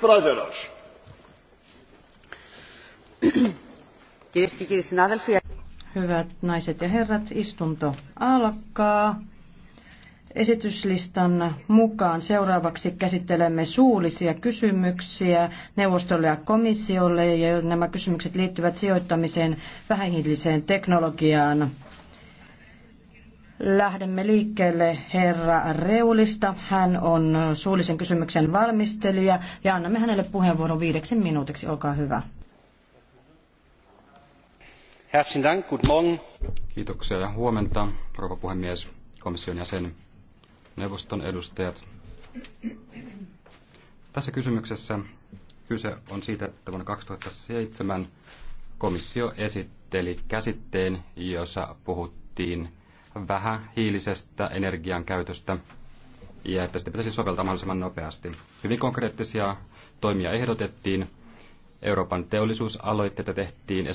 Πρόεδρος. Κυρίες και κύριοι συνάδελφοι, Hyvät naiset ja herrat, istunto alkaa. Esityslistan mukaan seuraavaksi käsittelemme suullisia kysymyksiä neuvostolle ja komissiolle, ja nämä kysymykset liittyvät sijoittamiseen vähähiiliseen teknologiaan. Lähdemme liikkeelle herra Reulista. Hän on suullisen kysymyksen valmistelija ja annamme hänelle puheenvuoron viideksi minuutiksi. Olkaa hyvä. Kiitoksia ja huomenta, rouva puhemies, komission jäsen, neuvoston edustajat. Tässä kysymyksessä kyse on siitä, että vuonna 2007 komissio esitteli käsitteen, jossa puhuttiin vähähiilisestä energian käytöstä ja että sitä pitäisi soveltaa mahdollisimman nopeasti. Hyvin konkreettisia toimia ehdotettiin. Euroopan teollisuusaloitteita tehtiin